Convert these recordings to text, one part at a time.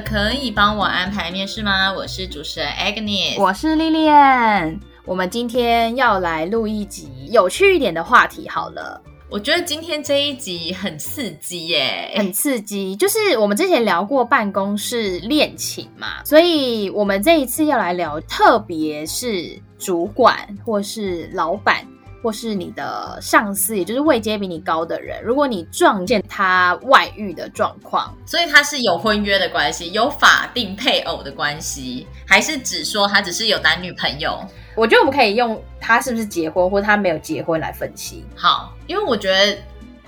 可以幫我安排面試嗎？我是主持人 Agnes，我是 Lillian。我們今天要來錄一集有趣一點的話題。好了，我覺得今天這一集很刺激耶、欸，很刺激。就是我們之前聊過辦公室戀情嘛，所以我們這一次要來聊，特別是主管或是老板。或是你的上司，也就是位階比你高的人，如果你撞見他外遇的狀況，所以他是有婚約的關係，有法定配偶的關係，還是只說他只是有男女朋友？我覺得我們可以用他是不是結婚，或他沒有結婚來分析。好，因為我覺得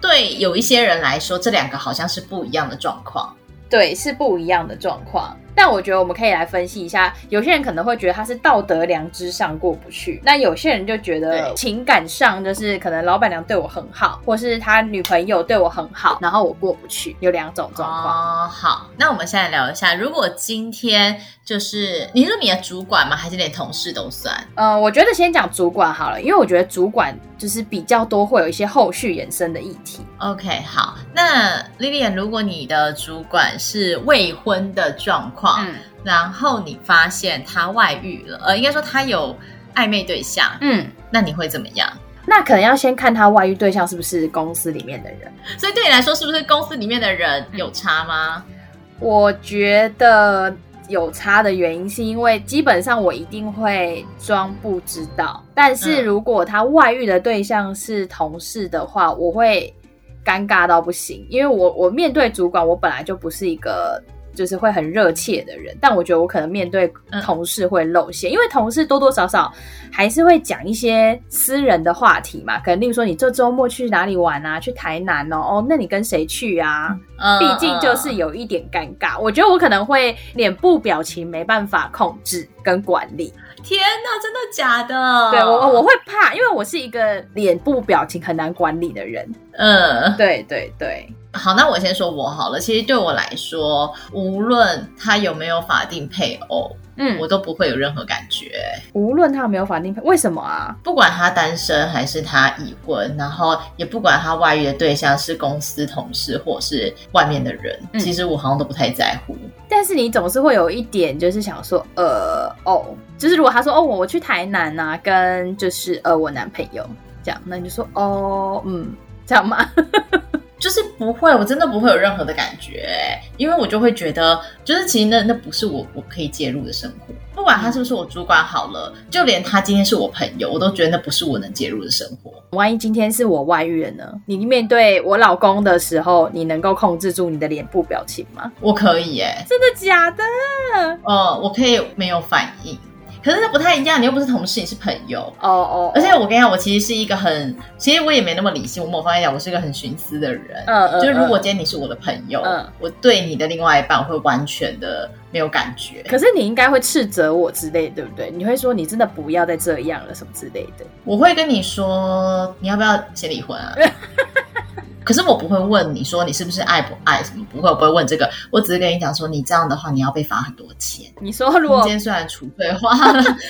對有一些人來說，這兩個好像是不一樣的狀況。對，是不一樣的狀況。但我覺得我們可以來分析一下，有些人可能會覺得他是道德良知上過不去，那有些人就覺得情感上就是可能老闆娘對我很好，或是他女朋友對我很好，然後我過不去，有兩種狀況。哦，好，那我們現在聊一下，如果今天就是你說你的主管嗎？還是你同事都算？呃，我覺得先講主管好了，因為我覺得主管就是比較多會有一些後續延伸的議題。OK，好，那 Lillian，如果你的主管是未婚的狀況。嗯，然後你發現他外遇了，呃，應該說他有曖昧對象，嗯，那你會怎麼樣？那可能要先看他外遇對象是不是公司裡面的人，所以對你來說，是不是公司裡面的人有差嗎？嗯，我覺得有差的原因是因為基本上我一定會裝不知道，但是如果他外遇的對象是同事的話，我會尷尬到不行，因為我我面對主管，我本來就不是一個。就是會很熱切的人，但我覺得我可能面對同事會露餡、嗯，因為同事多多少少還是會講一些私人的話題嘛，可能例如說你這周末去哪裡玩啊？去台南哦，哦，那你跟誰去啊？畢、嗯、竟就是有一點尷尬、嗯，我覺得我可能會臉部表情沒辦法控制跟管理。天哪，真的假的？對，我我會怕，因為我是一個臉部表情很難管理的人。嗯，嗯對對對。好，那我先說我好了。其實對我來說，無論他有沒有法定配偶，嗯，我都不會有任何感覺。無論他有沒有法定配，為什麼啊？不管他單身還是他已婚，然後也不管他外遇的對象是公司同事或是外面的人、嗯，其實我好像都不太在乎。但是你總是會有一點，就是想說，呃，哦，就是如果他說，哦，我我去台南啊，跟就是呃，我男朋友這樣，那你就說，哦，嗯，這樣嗎？ 就是不會，我真的不會有任何的感覺、欸，因為我就會覺得，就是其實那那不是我我可以介入的生活，不管他是不是我主管好了，就連他今天是我朋友，我都覺得那不是我能介入的生活。萬一今天是我外遇了呢？你面對我老公的時候，你能夠控制住你的臉部表情嗎？我可以耶、欸，真的假的？哦、呃，我可以沒有反應。可是那不太一樣，你又不是同事，你是朋友。哦哦，而且我跟你講，我其實是一個很，其實我也沒那麼理性。我某方面講，我是一個很徇私的人。嗯嗯，就是如果今天你是我的朋友，嗯、uh.，我對你的另外一半我會完全的沒有感覺。可是你應該會斥責我之類，對不對？你會說你真的不要再這樣了，什麼之類的。我會跟你說，你要不要先離婚啊？ 可是我不會問你說你是不是愛不愛什麼，你不會，我不會問這個。我只是跟你講說，你這樣的話你要被罰很多錢。你說如果今天雖然除罪化，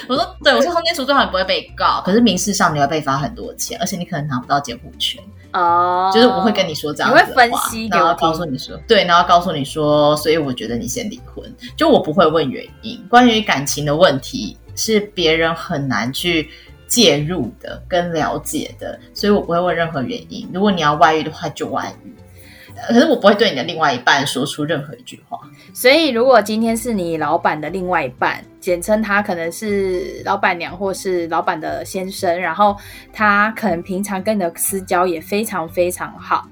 我說對我是今天除罪化，你不會被告，可是民事上你要被罰很多錢，而且你可能拿不到監護權哦。Oh, 就是我會跟你說這樣子，我會分析給我聽，然後告訴你說，對，然後告訴你說，所以我覺得你先離婚。就我不會問原因，關於感情的問題是別人很難去。介入的跟了解的，所以我不會問任何原因。如果你要外遇的話，就外遇。可是我不會對你的另外一半說出任何一句話。所以，如果今天是你老闆的另外一半，簡稱他可能是老闆娘或是老闆的先生，然後他可能平常跟你的私交也非常非常好。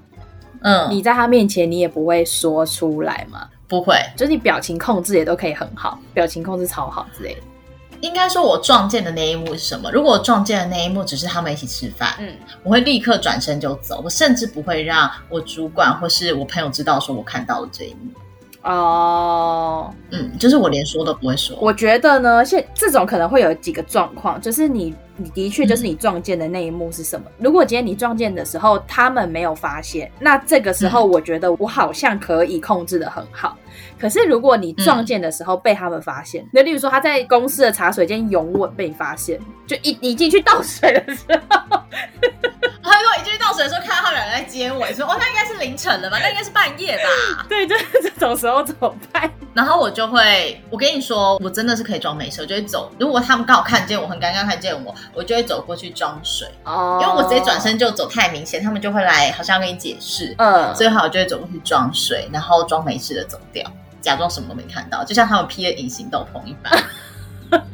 嗯，你在他面前你也不會說出來嗎？不會，就是你表情控制也都可以很好，表情控制超好之類的。應該說，我撞見的那一幕是什麼？如果我撞見的那一幕只是他們一起吃飯，嗯，我會立刻轉身就走，我甚至不會讓我主管或是我朋友知道說我看到了這一幕。哦，嗯，就是我連說都不會說。我覺得呢，現這種可能會有幾個狀況，就是你。你的確就是你撞見的那一幕是什麼？嗯、如果今天你撞見的時候他們沒有發現，那這個時候我覺得我好像可以控制的很好。可是如果你撞見的時候被他們發現，嗯，那例如說他在公司的茶水間擁吻被發現，就一一進去倒水的時候，他 說一進去倒水的時候看到他兩人在接吻，說哦，那應該是凌晨了吧？ 那應該是半夜吧？對，就是這種時候怎麼辦？然後我就會，我跟你說，我真的是可以裝沒事，就會走。如果他們剛好看見我，很尷尬看見我。我就會走過去裝水，因為我直接轉身就走太明顯，oh. 他們就會來，好像要跟你解釋。嗯，最好我就會走過去裝水，然後裝沒事的走掉，假裝什麼都沒看到，就像他們披了隱形斗篷一般。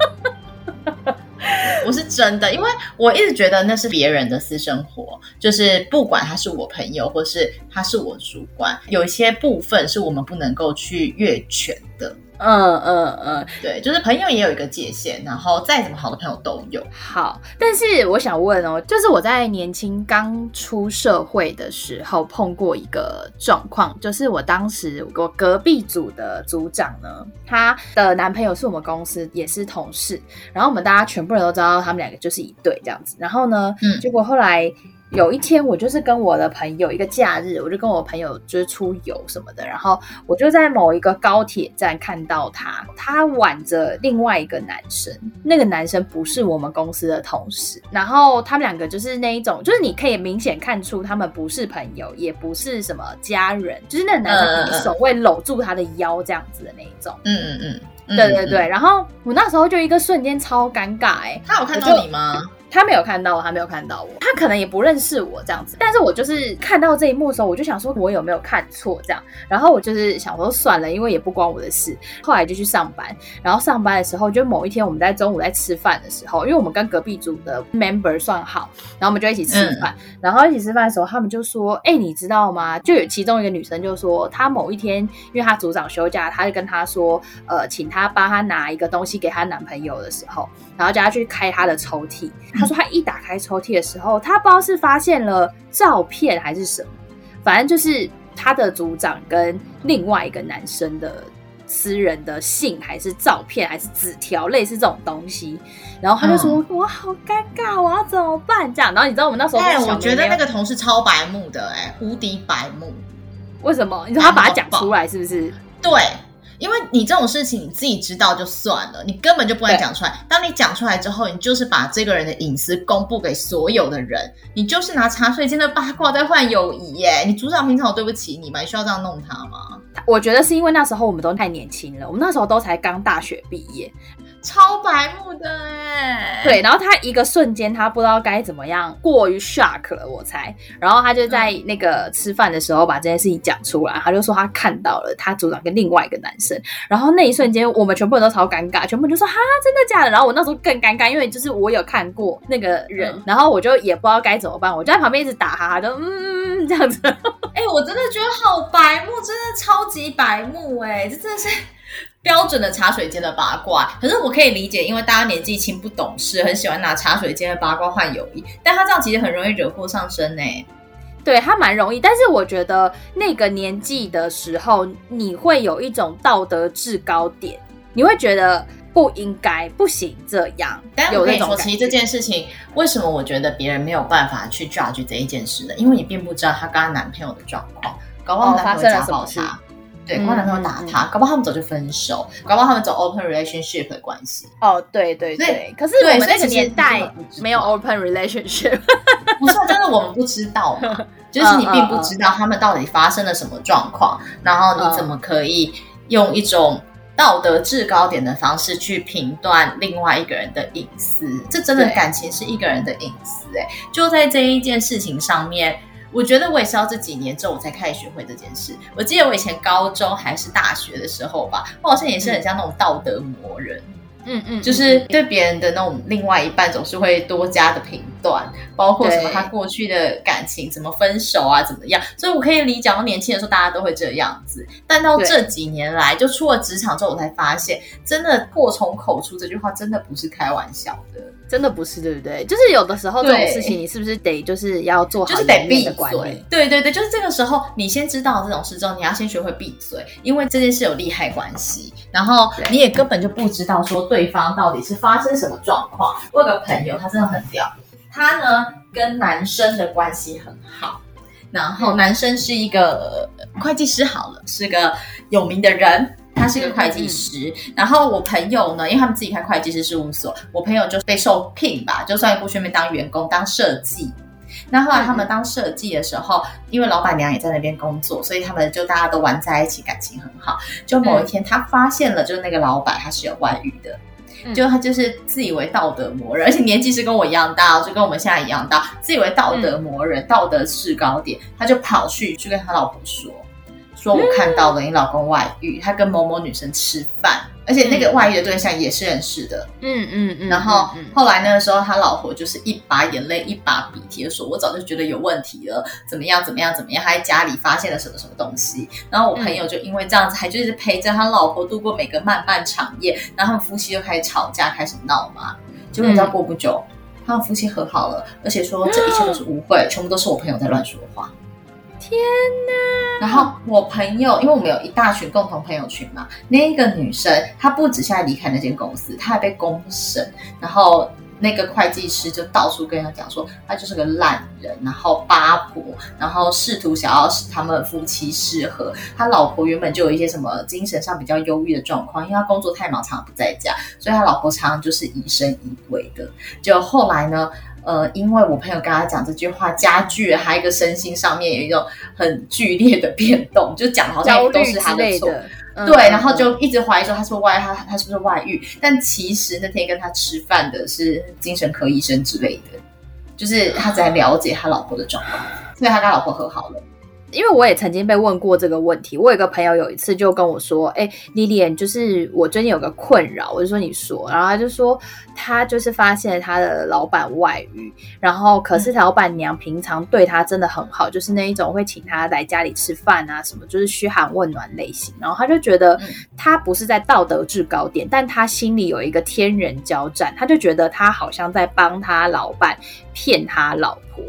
我是真的，因為我一直覺得那是別人的私生活，就是不管他是我朋友，或是他是我主管，有一些部分是我們不能夠去越權的。嗯嗯嗯，對，就是朋友也有一個界限，然後再怎麼好的朋友都有。好，但是我想問哦，就是我在年輕剛出社會的時候碰過一個狀況，就是我當時我，我隔壁組的組長呢，她的男朋友是我們公司也是同事，然後我們大家全部人都知道他們兩個就是一對這樣子，然後呢，嗯，結果後來。有一天，我就是跟我的朋友一個假日，我就跟我朋友就是出遊什麼的，然後我就在某一個高鐵站看到他，他挽着另外一個男生，那個男生不是我們公司的同事，然後他們兩個就是那一種，就是你可以明顯看出他們不是朋友，也不是什麼家人，就是那個男生你手會摟住他的腰這樣子的那一種。嗯嗯嗯，對對對。然後我那時候就一個瞬間超尷尬哎、欸，他有看到你嗎？他沒有看到我，他沒有看到我，他可能也不認識我這樣子。但是我就是看到這一幕的時候，我就想說，我有沒有看錯這樣？然後我就是想說算了，因為也不關我的事。後來就去上班，然後上班的時候，就某一天我們在中午在吃飯的時候，因為我們跟隔壁組的 member 算好，然後我們就一起吃飯，嗯。然後一起吃飯的時候，他們就說：“哎、欸，你知道嗎？就有其中一個女生就說，她某一天，因為她組長休假，她就跟她說，呃，請她幫她拿一個東西給她男朋友的時候，然後叫她去開她的抽屜。”他、就是、說，他一打開抽屜的時候，他不知道是發現了照片還是什麼，反正就是他的組長跟另外一個男生的私人的信，還是照片，還是紙條，類似這種東西。然後他就說：“嗯、我好尷尬，我要怎麼辦？”這樣。然後你知道我們那時候，哎、欸，我覺得那個同事超白目的、欸，哎，無敵白目。為什麼？你知道他把他講出來是不是？對。因為你這種事情你自己知道就算了，你根本就不敢講出來。當你講出來之後，你就是把這個人的隱私公布給所有的人，你就是拿茶水間的八卦在換友誼耶。你組長平常有對不起你嗎？你需要這樣弄他嗎？我覺得是因為那時候我們都太年輕了，我們那時候都才剛大學畢業。超白目的哎、欸，對，然後他一個瞬間，他不知道該怎麼樣，過於 shock 了，我猜。然後他就在那個吃飯的時候把這件事情講出來，他就說他看到了他組長跟另外一個男生。然後那一瞬間，我們全部人都超尷尬，全部人就說哈，真的假的？然後我那時候更尷尬，因為就是我有看過那個人，嗯、然後我就也不知道該怎麼辦，我就在旁邊一直打哈哈，就嗯、嗯、嗯這樣子。哎、欸，我真的覺得好白目，真的超級白目，欸，哎，這真的是。標準的茶水間的八卦，可是我可以理解，因為大家年紀輕不懂事，很喜歡拿茶水間的八卦換友誼。但他這樣其實很容易惹禍上身呢、欸。對他蠻容易，但是我覺得那個年紀的時候，你會有一種道德制高點，你會覺得不應該、不行這樣。有那種，但我跟你說，其實這件事情，為什麼我覺得別人沒有辦法去 judge 這一件事呢？因為你並不知道他跟她男朋友的狀況，搞不好、哦、發生了什麼事。對，他男朋友打他，搞不好他們早就分手，搞不好他們走 open relationship 的關係。哦，對對對，所以可是我們那個年代沒有 open relationship， 不是，但是我們不知道嘛，就是你並不知道他們到底發生了什麼狀況，哦、然後你怎麼可以用一種道德制高點的方式去評斷另外一個人的隱私？這真的感情是一個人的隱私、欸，哎，就在這一件事情上面。我覺得我也是要這幾年之後，我才開始學會這件事。我記得我以前高中還是大學的時候吧，我好像也是很像那種道德魔人，嗯嗯，就是對別人的那種另外一半總是會多加的評。短，包括什麼？他過去的感情，怎麼分手啊？怎麼樣？所以我可以理解到年輕的時候大家都會這樣子，但到這幾年來，就出了職場之後，我才發現，真的“禍從口出”這句話真的不是開玩笑的，真的不是，對不對？就是有的時候這種事情，你是不是得就是要做好就是得閉嘴，就是得閉嘴。對對對，就是這個時候，你先知道這種事之後，你要先學會閉嘴，因為這件事有利害關係，然後你也根本就不知道說對方到底是發生什麼狀況。我有個朋友，他真的很屌。他呢，跟男生的關係很好，然後男生是一個會計師，好了，是個有名的人，他是個會計師。嗯、然後我朋友呢，因為他們自己開會計師事務所，我朋友就被受聘吧，就算在那邊當員工當設計。那後來他們當設計的時候、嗯，因為老闆娘也在那邊工作，所以他們就大家都玩在一起，感情很好。就某一天，他發現了，就是那個老闆他是有外遇的。就他就是自以為道德魔人，嗯、而且年紀是跟我一樣大，就跟我們現在一樣大，自以為道德魔人，嗯、道德制高點，他就跑去去跟他老婆說，說我看到了你老公外遇，他跟某某女生吃飯。而且那個外遇的對象也是認識的，嗯嗯，嗯。然後、嗯嗯嗯、後來那個時候他老婆就是一把眼淚一把鼻涕的說，我早就覺得有問題了，怎麼樣怎麼樣怎麼樣，他在家裡發現了什麼什麼東西，然後我朋友就因為這樣子、嗯，還就是陪着他老婆度過每個漫漫長夜，然後他們夫妻就開始吵架，開始鬧嘛，結果你知道過不久、嗯，他們夫妻和好了，而且說這一切都是誤會，全部都是我朋友在亂說話。天吶！然後我朋友，因為我們有一大群共同朋友群嘛，那一個女生她不止現在離開那間公司，她還被公審。然後那個會計師就到處跟她講說，她就是個爛人，然後八婆，然後試圖想要使他們夫妻適合。他老婆原本就有一些什麼精神上比較憂鬱的狀況，因為他工作太忙，常常不在家，所以他老婆常常就是疑神疑鬼的。就後來呢？呃，因為我朋友跟他講這句話，加劇了他一個身心上面有一種很劇烈的變動，就講得好像也都是他的錯。嗯嗯嗯，對，然後就一直懷疑說他是不是外他他是不是外遇，但其實那天跟他吃飯的是精神科醫生之類的，就是他只在了解他老婆的狀況，所以他跟他老婆和好了。因為我也曾經被問過這個問題，我有一個朋友有一次就跟我說：“哎，Lillian，就是我最近有個困擾，我就說你說。”然後他就說他就是發現了他的老闆外遇，然後可是他老闆娘平常對他真的很好，嗯，就是那一種會請他來家裡吃飯啊什麼，就是噓寒問暖類型。然後他就覺得他不是在道德制高點，嗯，但他心裡有一個天人交戰，他就覺得他好像在幫他老闆騙他老婆。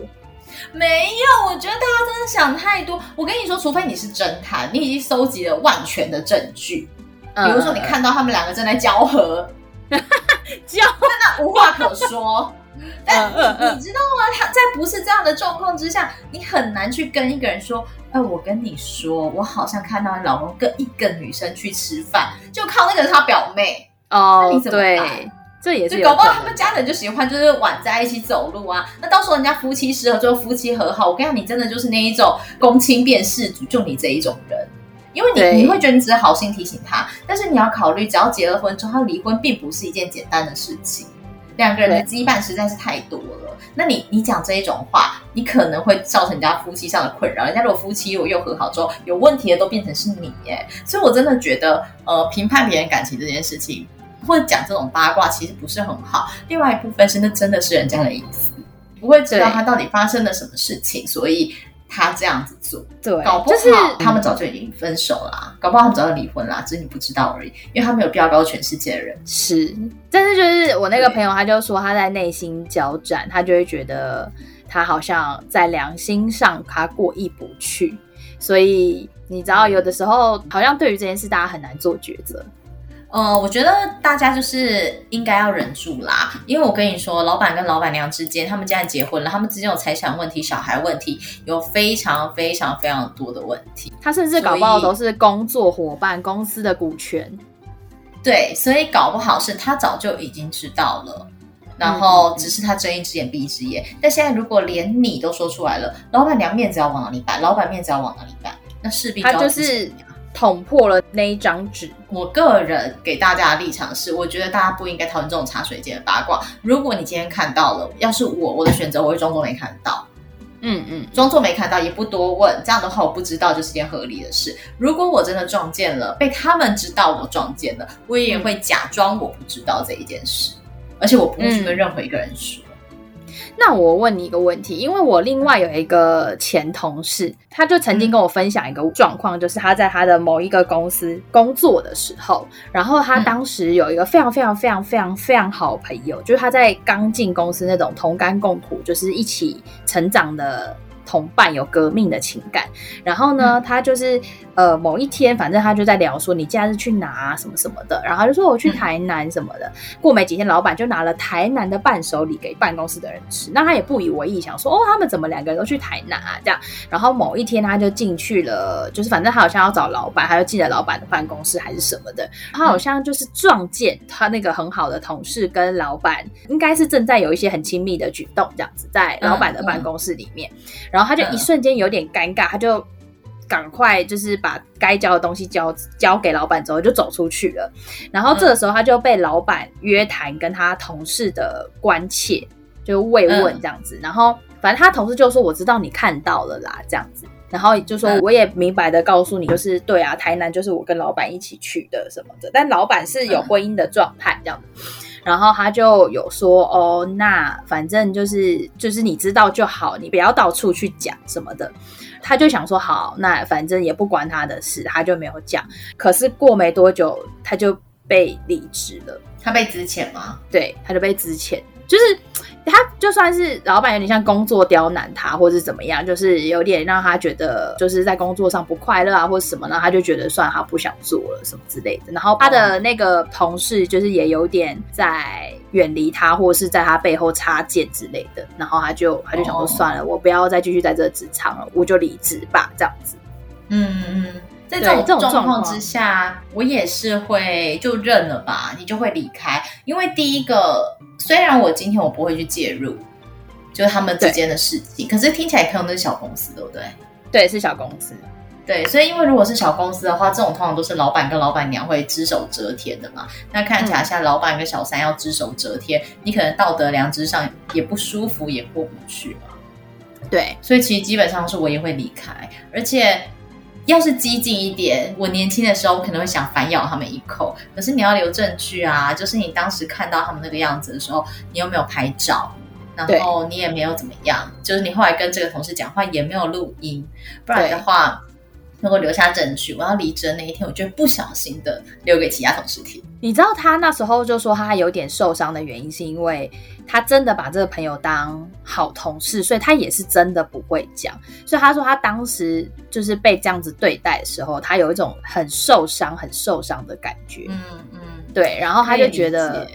沒有，我覺得大家真的想太多。我跟你說，除非你是偵探，你已經蒐集了萬全的證據，嗯、比如說你看到他們兩個正在交合， 交合，那無話可說。嗯、但、嗯、你，你知道嗎？他在不是這樣的狀況之下，你很難去跟一個人說：“哎、呃，我跟你說，我好像看到老公跟一個女生去吃飯，就靠那個是他表妹哦。你怎麼？”對。這也是，就搞不好他們家人就喜歡，就是挽在一起走路啊。那到時候人家夫妻失和之後，就夫妻和好，我跟你講，你真的就是那一種公親變事主，就你這一種人，因為你你會覺得你只是好心提醒他，但是你要考慮，只要結了婚之後，他離婚並不是一件簡單的事情，兩個人的羈絆實在是太多了。那你你講這一種話，你可能會造成人家夫妻上的困擾。人家如果夫妻又又和好之後，有問題的都變成是你，耶。所以我真的覺得，呃，評判別人感情這件事情，或者講這種八卦其實不是很好。另外一部分是，那真的是人家的隱私，不會知道他到底發生了什麼事情，所以他這樣子做。對，搞不好，就是，他們早就已經分手啦，啊嗯，搞不好他們早就離婚啦，啊，只是你不知道而已，因為他沒有必要告訴全世界的人。是，嗯，但是就是我那個朋友，他就說他在內心交戰，他就會覺得他好像在良心上他過意不去，所以你知道，有的時候、嗯、好像對於這件事，大家很難做抉擇。呃，我覺得大家就是應該要忍住啦，因為我跟你說，老闆跟老闆娘之間，他們既然結婚了，他們之間有財產問題、小孩問題，有非常非常非常多的問題。他甚至搞不好都是工作夥伴、公司的股權。對，所以搞不好是他早就已經知道了，然後只是他睜一隻眼閉一隻眼。嗯、但現在如果連你都說出來了，老闆娘面子要往哪裡擺？老闆面子要往哪裡擺？那勢必他就是。捅破了那一張紙。我個人給大家的立場是，我覺得大家不應該討論這種茶水間的八卦。如果你今天看到了，要是我，我的選擇我會裝作沒看到。嗯嗯，裝作沒看到也不多問。這樣的話，我不知道就是件合理的事。如果我真的撞見了，被他們知道我撞見了，我也會假裝我不知道這一件事，嗯、而且我不會去跟任何一個人說。嗯那我問你一個問題，因為我另外有一個前同事，他就曾經跟我分享一個狀況，嗯，就是他在他的某一個公司工作的時候，然後他當時有一個非常非常非常非常非常好的朋友，就是他在剛進公司那種同甘共苦，就是一起成長的。同伴，有革命的情感，然後呢，嗯、他就是呃，某一天，反正他就在聊說你假日去哪、啊、什麼什麼的，然後他就說我去台南什麼的。嗯、過沒幾天，老闆就拿了台南的伴手禮給辦公室的人吃，那他也不以為意，想說哦，他們怎麼兩個人都去台南啊？這樣。然後某一天，他就進去了，就是反正他好像要找老闆，他就進了老闆的辦公室還是什麼的。他好像就是撞見他那個很好的同事跟老闆，應該是正在有一些很親密的舉動這樣子，在老闆的辦公室裡面。嗯嗯然後他就一瞬間有點尷尬，嗯，他就趕快就是把該交的東西交交給老板之後就走出去了。然後這個時候他就被老板約談，跟他同事的關切就慰問、問這樣子，嗯。然後反正他同事就說：“我知道你看到了啦，這樣子。”然後就說：“我也明白的告訴你，就是、嗯、對啊，台南就是我跟老板一起去的什麼的。”但老板是有婚姻的狀態、嗯、這樣子。然後他就有說，哦，那反正就是就是你知道就好，你不要到處去講什麼的。他就想說，好，那反正也不關他的事，他就沒有講。可是過沒多久，他就被離職了。他被資遣嗎？對，他就被資遣。就是他，就算是老闆有點像工作刁難他，或是怎麼樣，就是有點讓他覺得就是在工作上不快樂啊，或什麼，讓他就覺得算他不想做了什麼之類的。然後他的那個同事就是也有點在遠離他，或是在他背後插箭之類的。然後他就他就想說、oh. 算了，我不要再繼續在這職場了，我就離職吧，這樣子。嗯嗯嗯。在這種狀況之下，我也是會就認了吧，你就會離開。因為第一個，雖然我今天我不會去介入，就是他們之間的事情，可是聽起來可能都是小公司，對不對？對，是小公司。對，所以因為如果是小公司的話，這種通常都是老闆跟老闆娘會只手遮天的嘛。那看起來像老闆跟小三要只手遮天，嗯，你可能道德良知上也不舒服，也過不去嘛。對，所以其實基本上是我也會離開，而且。要是激進一點，我年輕的時候我可能會想反咬他們一口。可是你要留證據啊，就是你當時看到他們那個樣子的時候，你有沒有拍照？然後你也沒有怎麼樣，就是你後來跟這個同事講話也沒有錄音，不然的話。能夠留下證據，我要離職的那一天，我就不小心的留給其他同事聽。你知道他那時候就說他有點受傷的原因，是因為他真的把這個朋友當好同事，所以他也是真的不會講。所以他說他當時就是被這樣子對待的時候，他有一種很受傷、很受傷的感覺。嗯嗯，對，然後他就覺得，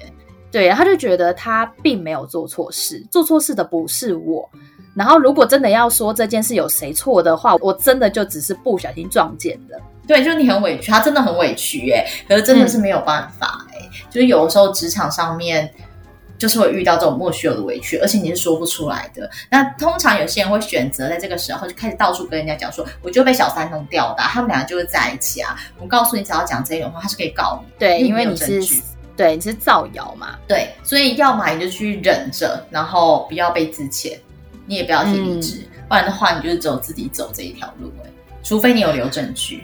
對，他就覺得他並沒有做錯事，做錯事的不是我。然後，如果真的要說這件事有誰錯的話，我真的就只是不小心撞見的。對，就是你很委屈，他真的很委屈、欸，耶。可是真的是沒有辦法、欸，哎、嗯，就是有的時候職場上面就是會遇到這種莫須有的委屈，而且你是說不出來的。那通常有些人會選擇在這個時候就開始到處跟人家講說，我就被小三弄掉的、啊，他們倆就會在一起啊。我告訴你，只要講這種話，他是可以告你，對，因為,因為你是對你是造謠嘛，對，所以要嘛你就去忍着，然後不要被資遣你也不要提離職、嗯，不然的話，你就是只有自己走這一條路、欸、除非你有留證據、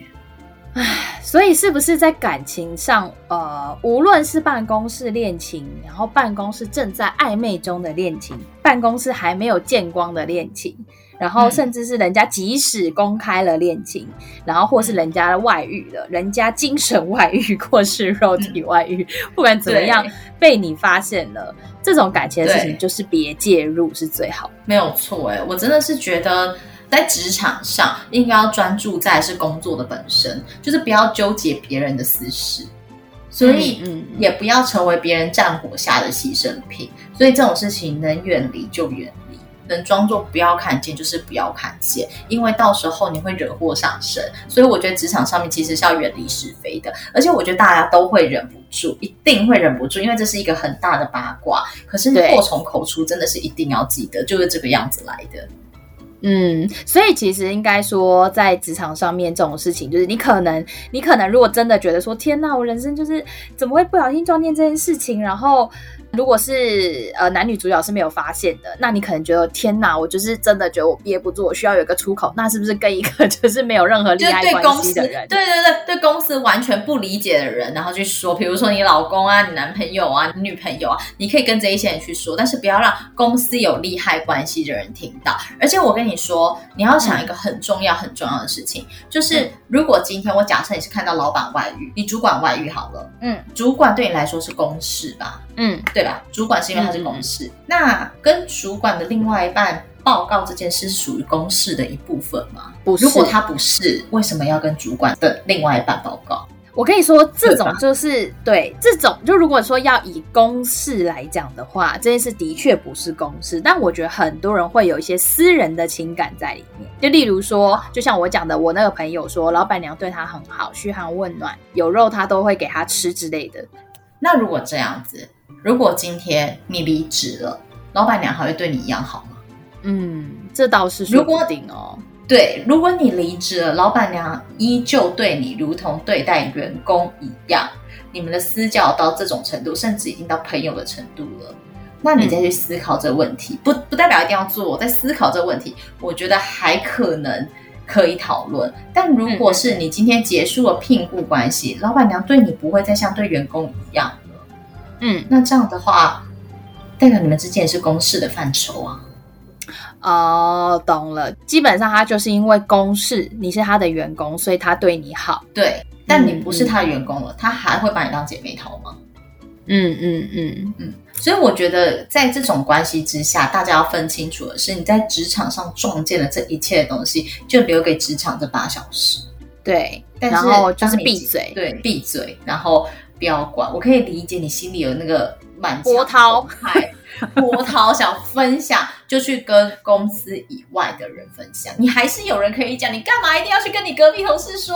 嗯。唉，所以是不是在感情上，呃，無論是辦公室戀情，然後辦公室正在曖昧中的戀情，辦公室還沒有見光的戀情？然後，甚至是人家即使公開了戀情、嗯，然後或是人家的外遇了，人家精神外遇或是肉體外遇，嗯、不管怎麼樣，被你發現了，這種感情的事情就是別介入是最好。沒有錯，哎，我真的是覺得在職場上應該要專注在是工作的本身，就是不要糾結別人的私事，嗯、所以嗯，也不要成為別人戰火下的犧牲品。所以這種事情能遠離就遠。能裝作不要看見就是不要看見，因為到時候你會惹禍上身。所以我覺得職場上面其實是要遠離是非的，而且我覺得大家都會忍不住，一定會忍不住，因為這是一個很大的八卦。可是你禍從口出，真的是一定要記得，就是這個樣子來的。嗯，所以其實應該說，在職場上面這種事情，就是你可能，你可能如果真的覺得說，天哪，我人生就是怎麼會不小心撞見這件事情，然後。如果是呃，男女主角是沒有發現的，那你可能覺得天哪，我就是真的覺得我憋不住，我需要有一個出口。那是不是跟一個就是沒有任何利害關係就對公司的人，對對對，對公司完全不理解的人，然後去說，比如說你老公啊、你男朋友啊、你女朋友啊，你可以跟這一些人去說，但是不要讓公司有利害關係的人聽到。而且我跟你說，你要想一個很重要很重要的事情，嗯、就是。嗯如果今天我假設你是看到老闆外遇，你主管外遇好了，嗯，主管對你來說是公事吧，嗯，對吧？主管是因為他是公事，嗯，那跟主管的另外一半報告這件事是屬於公事的一部分嗎？如果他不是，為什麼要跟主管的另外一半報告？我跟你說，這種就是，是對這種，就如果說要以公事來講的話，這件事的確不是公事。但我覺得很多人會有一些私人的情感在裡面。就例如說，就像我講的，我那個朋友說，老闆娘對她很好，噓寒問暖，有肉她都會給她吃之類的。那如果這樣子，如果今天你離職了，老闆娘還會對你一樣好嗎？嗯，這倒是說不定哦。對，如果你離職了，老闆娘依舊對你如同對待員工一樣，你們的私交到這種程度，甚至已經到朋友的程度了，那你再去思考這問題，嗯、不不代表一定要做。我在思考這問題，我覺得還可能可以討論。但如果是你今天結束了聘雇關係，嗯，老闆娘對你不會再像對員工一樣了。嗯，那這樣的話，代表你們之間是公事的範疇啊。哦、oh，懂了。基本上他就是因為公事，你是他的員工，所以他對你好。對，但你不是他的員工了，嗯、他還會把你當姐妹淘嗎？嗯嗯嗯嗯。所以我覺得，在這種關係之下，大家要分清楚的是，你在職場上撞見了這一切的東西，就留給職場這八小時。對，但是然後就是閉嘴，對，閉嘴，然後不要管。我可以理解你心裡有那個滿波濤，波濤想分享。 就去跟公司以外的人分享，你還是有人可以講，你幹嘛一定要去跟你隔壁同事說？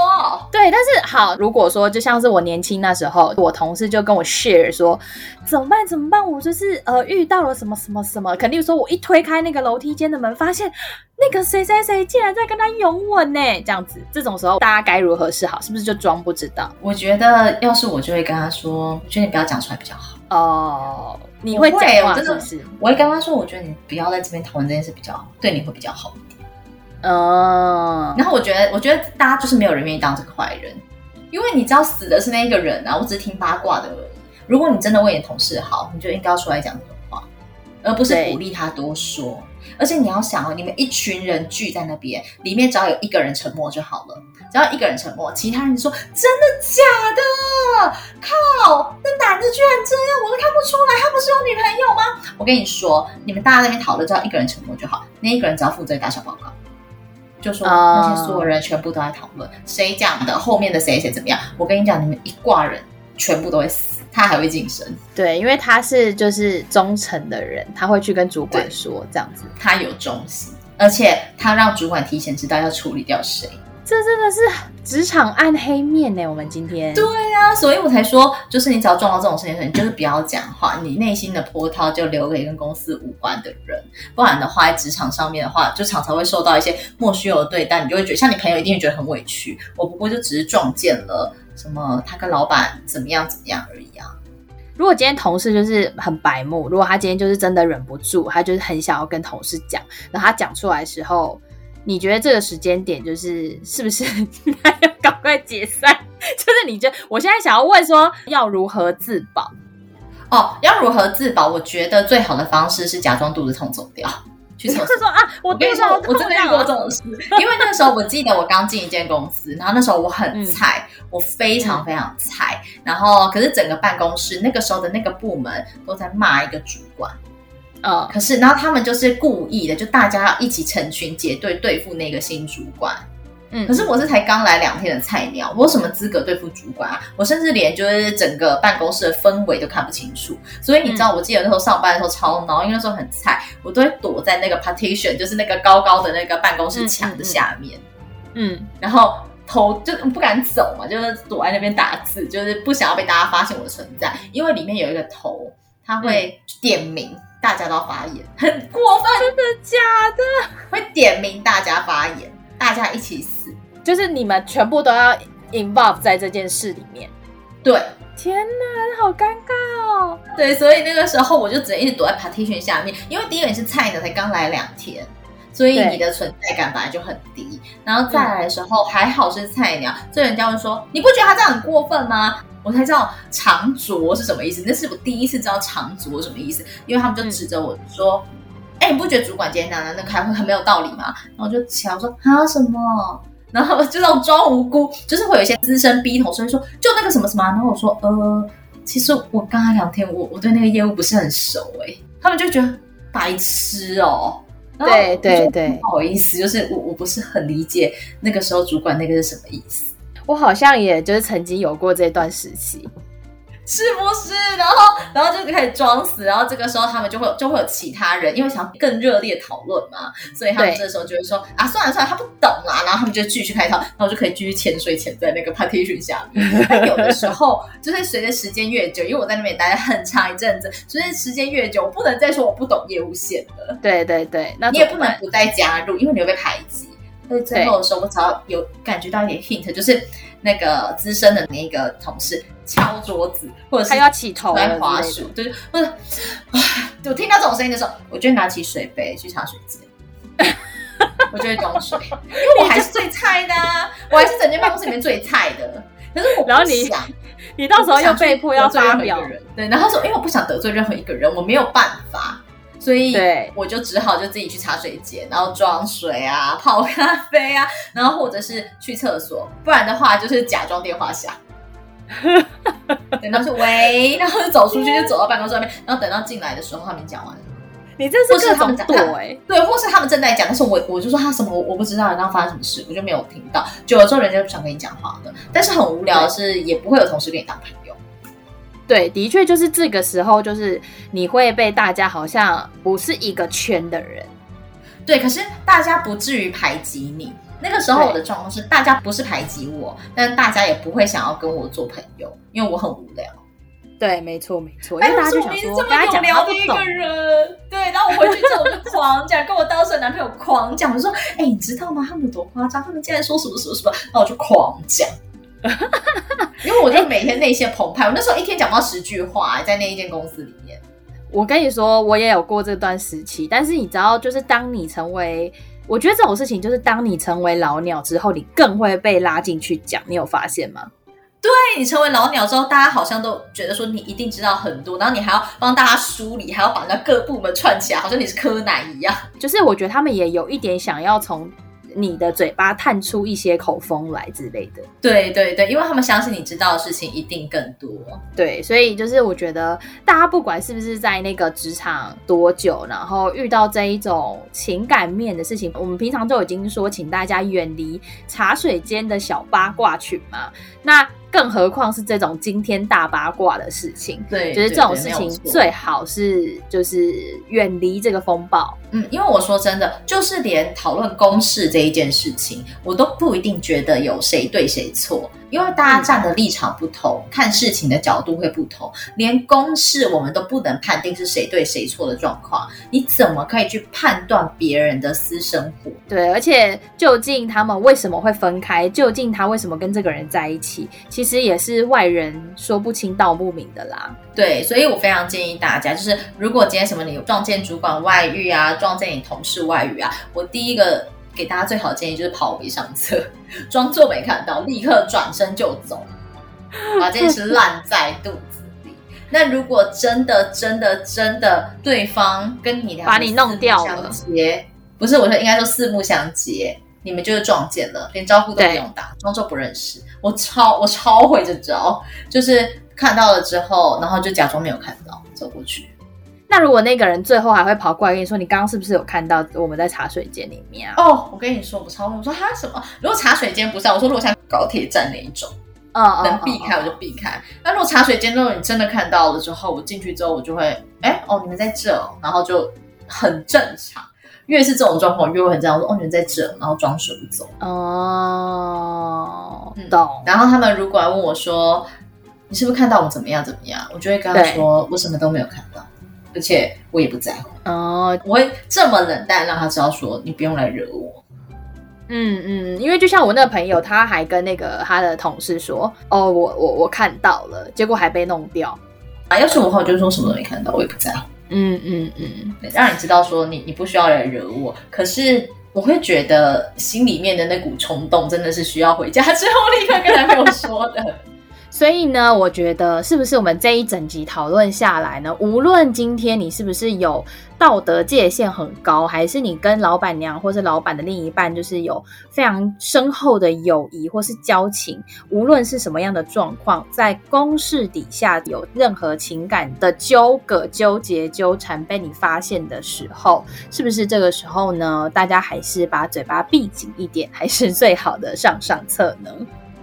對，但是好，如果說就像是我年輕那時候，我同事就跟我 share 說，怎麼辦怎麼辦？我就是呃遇到了什麼什麼什麼，肯定說我一推開那個樓梯間的門，發現那個誰誰誰竟然在跟他擁吻呢，這樣子，這種時候大家該如何是好？是不是就裝不知道？我覺得要是我就會跟他說，就你不要講出來比較好。哦、oh，你會這樣真的是，是，我會跟他說，我覺得你不要在這邊討論這件事，比較對你會比較好。嗯，oh. 然後我覺得，我覺得大家就是沒有人願意當這個壞人，因為你知道死的是那一個人啊，然後我只是聽八卦的而已。如果你真的為你的同事好，你就應該出來講。而不是鼓勵他多說，而且你要想哦，你們一群人聚在那邊，裡面只要有一個人沉默就好了，只要一個人沉默，其他人說 真的假的，靠，那男的居然這樣，我都看不出來，他不是有女朋友嗎？我跟你說，你們大家在那邊討論，只要一個人沉默就好，那一個人只要負責打小報告，就說那些所有人全部都在討論、嗯、誰講的，後面的誰誰怎麼樣。我跟你講，你們一掛人全部都會死。他還會晉升，對，因為他是就是忠誠的人，他會去跟主管說對，這樣子，他有忠心，而且他讓主管提前知道要處理掉誰。這真的是職場暗黑面呢！我們今天對啊，所以我才說，就是你只要撞到這種事情的時候，你就是不要講話，你內心的波濤就留給跟公司無關的人。不然的話，在職場上面的話，就常常會受到一些莫須有的對待，但你就會覺得，像你朋友一定會覺得很委屈。我不過就只是撞見了什麼，他跟老闆怎麼樣怎麼樣而已啊。如果今天同事就是很白目，如果他今天就是真的忍不住，他就是很想要跟同事講，然後他講出來的時候。你覺得這個時間點就是是不是要趕快解散？就是你覺得我現在想要問說，要如何自保？哦，要如何自保？我覺得最好的方式是假裝肚子痛走掉，去廁所。我我說啊，我,我跟你說，我真的有多懂事、啊，因為那時候我記得我剛進一間公司， 然後那時候我很菜，我非常非常菜、嗯。然後可是整個辦公室那個時候的那個部門都在罵一個主管。可是，然後他們就是故意的，就大家要一起成群結隊對付那個新主管、嗯。可是我是才剛來兩天的菜鳥，我有什麼資格對付主管啊？我甚至連就是整個辦公室的氛圍都看不清楚。所以你知道，我記得那時候、嗯、上班的時候超孬，然後因為那時候很菜，我都會躲在那個 partition，就是那個高高的那個辦公室牆的下面嗯嗯。嗯，然後頭就不敢走嘛，就是躲在那邊打字，就是不想要被大家發現我的存在，因為裡面有一個頭，它會點名。嗯大家都發言，很過分。真的假的？會點名大家發言，大家一起死，就是你們全部都要 involve 在這件事裡面。對，天哪，這好尷尬哦。對，所以那個時候我就只能一直躲在 partition 下面，因為第一眼是菜的，才剛來兩天。所以你的存在感本來就很低，然後再來的時候還好是菜鳥，所以人家會說你不覺得他這樣很過分嗎？我才知道長拙是什麼意思，那是我第一次知道長拙是什麼意思，因為他們就指着我說，哎、欸，你不覺得主管今天拿的那那開會很沒有道理嗎？然後我就我說還、啊、什麼，然後他們就讓我裝無辜，就是會有一些資深逼頭，所以說就那個什麼什麼、啊，然後我說呃，其實我剛才聊天，我我對那個業務不是很熟、欸，哎，他們就覺得白痴哦。對、哦、對對，對對，不好意思，就是我我不是很理解那個時候主管那個是什麼意思。我好像也就是曾經有過這段時期。是不是？然後，然後就開始裝死。然後這個時候，他們就會就會有其他人，因為想要更熱烈討論嘛，所以他們這時候就會說：“啊，算了算了，他不懂啦。”然後他們就繼續開套，然後就可以繼續潛水潛在那個 partition 下面。但有的時候， 就是隨着時間越久，因為我在那邊待了很長一陣子，所以時間越久，我不能再說我不懂業務線了。對對對，那你也不能不再加入，因為你會被排擠。所以最後的時候，我只要有感覺到一點 hint，就是那個資深的那一個同事。敲桌子，或者是還要起頭來划水，就是我聽到這種聲音的時候，我就會拿起水杯去茶水間， 我就會裝水，因 為我還是最菜的、啊， 我還是整間辦公室裡面最菜的。可是我不想然後你，你到時候又被迫要抓別人，對。然後說，因為我不想得罪任何一個人，我沒有辦法，所以我就只好就自己去茶水間，然後裝水啊，泡咖啡啊，然後或者是去廁所，不然的話就是假裝電話響。等到說喂，然後就走出去，天就走到辦公室外面。然後等到進來的時候，他們講完什麼。你這是怎麼對？對，或是他們正在講，但是我我就說他什麼我不知道，然後發生什麼事，我就沒有聽到。久了之後，人家不想跟你講話的。但是很無聊的是，是也不會有同事跟你當朋友。對，的確就是這個時候，就是你會被大家好像不是一個圈的人。對，可是大家不至於排擠你。那個時候我的狀況是，大家不是排擠我，但大家也不會想要跟我做朋友，因為我很無聊。對，沒錯，沒錯。因為大家就想說、哎、我家不想這麼無聊的一個人。對，然後我回去之後我就狂講， 跟我當時的男朋友狂講，我說：“哎、欸，你知道嗎？他們有多誇張？他們竟然說什麼什麼什麼？”那我就狂講， 因為我就每天內心澎湃、哎。我那時候一天講不到十句話，在那一間公司裡面。我跟你說，我也有過這段時期，但是你知道，就是當你成為。我覺得這種事情就是，當你成為老鳥之後，你更會被拉進去講。你有發現嗎？對，你成為老鳥之後，大家好像都覺得說你一定知道很多，然後你還要幫大家梳理，還要把那各部門串起來，好像你是柯南一樣。就是我覺得他們也有一點想要從。你的嘴巴探出一些口風來之類的，對對對，因為他們相信你知道的事情一定更多，對，所以就是我覺得大家不管是不是在那個職場多久，然後遇到這一種情感面的事情，我們平常就已經說，請大家遠離茶水間的小八卦群嘛，那。更何況是這種驚天大八卦的事情，對，覺得這種事情對對對，最好是就是遠離這個風暴。嗯，因為我說真的，就是連討論公事這一件事情，我都不一定覺得有誰對誰錯。因為大家站的立場不同，嗯，看事情的角度會不同，連公事我們都不能判定是誰對誰錯的狀況，你怎麼可以去判斷別人的私生活？對，而且究竟他們為什麼會分開？究竟他為什麼跟這個人在一起？其實也是外人說不清道不明的啦。對，所以我非常建議大家，就是如果今天什麼你撞見主管外遇啊，撞見你同事外遇啊，我第一個。給大家最好的建議就是跑為上策，裝作沒看到，立刻轉身就走，把這件事爛在肚子裡。 那如果真的真的真的，對方跟你倆把你弄掉了，不是，我說應該說四目相接，你們就是撞見了，連招呼都不用打，裝作不認識。我超我超會這招，就是看到了之後，然後就假裝沒有看到，走過去。那如果那個人最後還會跑過來跟你說，你剛剛是不是有看到我們在茶水間裡面啊？哦、oh，我跟你說，我超我說他什麼？如果茶水間不是，我說如果像高鐵站那一種，嗯嗯，能避開我就避開。那如果茶水間之後你真的看到了之後，我進去之後我就會，哎哦，oh, 你們在這，然後就很正常。越是這種狀況，越會這樣說，哦，你們在這，然後裝水不走哦，懂、oh, 嗯。然後他們如果來問我說，你是不是看到我怎麼樣怎麼樣，我就會跟他說，我什麼都沒有看到。而且我也不在乎哦，我會這麼冷淡讓他知道說你不用來惹我。嗯嗯，因為就像我那個朋友，他還跟那個他的同事說，哦，我我我看到了，結果還被弄掉啊。要是我的話，我就說什麼都沒看到，我也不在乎。嗯嗯嗯，讓、嗯、你知道說你你不需要來惹我。可是我會覺得心裡面的那股衝動真的是需要回家之後我立刻跟男朋友說的。 所以呢，我覺得是不是我們這一整集討論下來呢？無論今天你是不是有道德界限，很高，還是你跟老闆娘或是老闆的另一半就是有非常深厚的友誼或是交情，無論是什麼樣的狀況，在公事底下有任何情感的糾葛、糾結、糾纏被你發現的時候，是不是這個時候呢，大家還是把嘴巴閉緊一點，還是最好的上上策呢？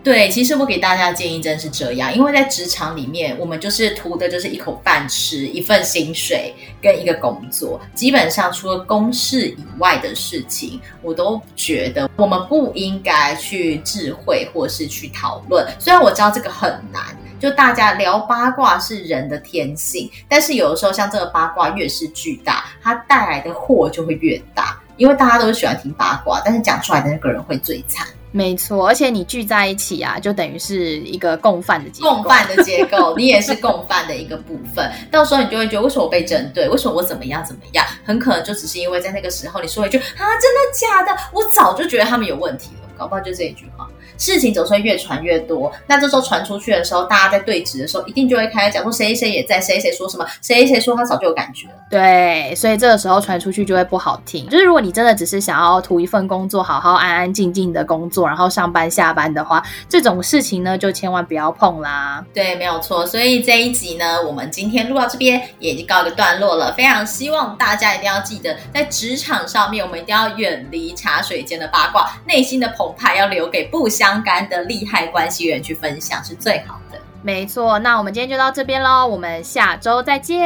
對，其實我給大家的建議真的是這樣，因為在職場裡面，我們就是圖的就是一口飯吃，一份薪水跟一個工作。基本上除了公事以外的事情，我都覺得我們不應該去置喙或是去討論。雖然我知道這個很難，就大家聊八卦是人的天性，但是有的時候像這個八卦越是巨大，它帶來的禍就會越大，因為大家都喜歡聽八卦，但是講出來的那個人會最慘。沒錯，而且你聚在一起啊，就等於是一個共犯的結構。共犯的結構， 你也是共犯的一個部分。到時候你就會覺得，為什麼我被針對？為什麼我怎麼樣怎麼樣？很可能就只是因為在那個時候你說一句啊，真的假的？我早就覺得他們有問題了，搞不好就這一句話。事情總是越傳越多，那這時候傳出去的時候，大家在對質的時候，一定就會開始講說誰誰也在，誰誰說什麼，誰誰說他早就有感覺。對，所以這個時候傳出去就會不好聽。就是如果你真的只是想要圖一份工作，好好安安靜靜的工作，然後上班下班的話，這種事情呢，就千萬不要碰啦。對，沒有錯。所以這一集呢，我們今天錄到這邊，也已經告一個段落了。非常希望大家一定要記得，在職場上面，我們一定要遠離茶水間的八卦，內心的澎湃要留給不相干的利害關係人去分享是最好的。沒錯，那我們今天就到這邊嘍，我們下周再見，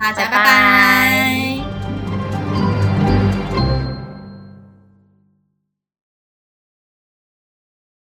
大家拜拜。拜拜。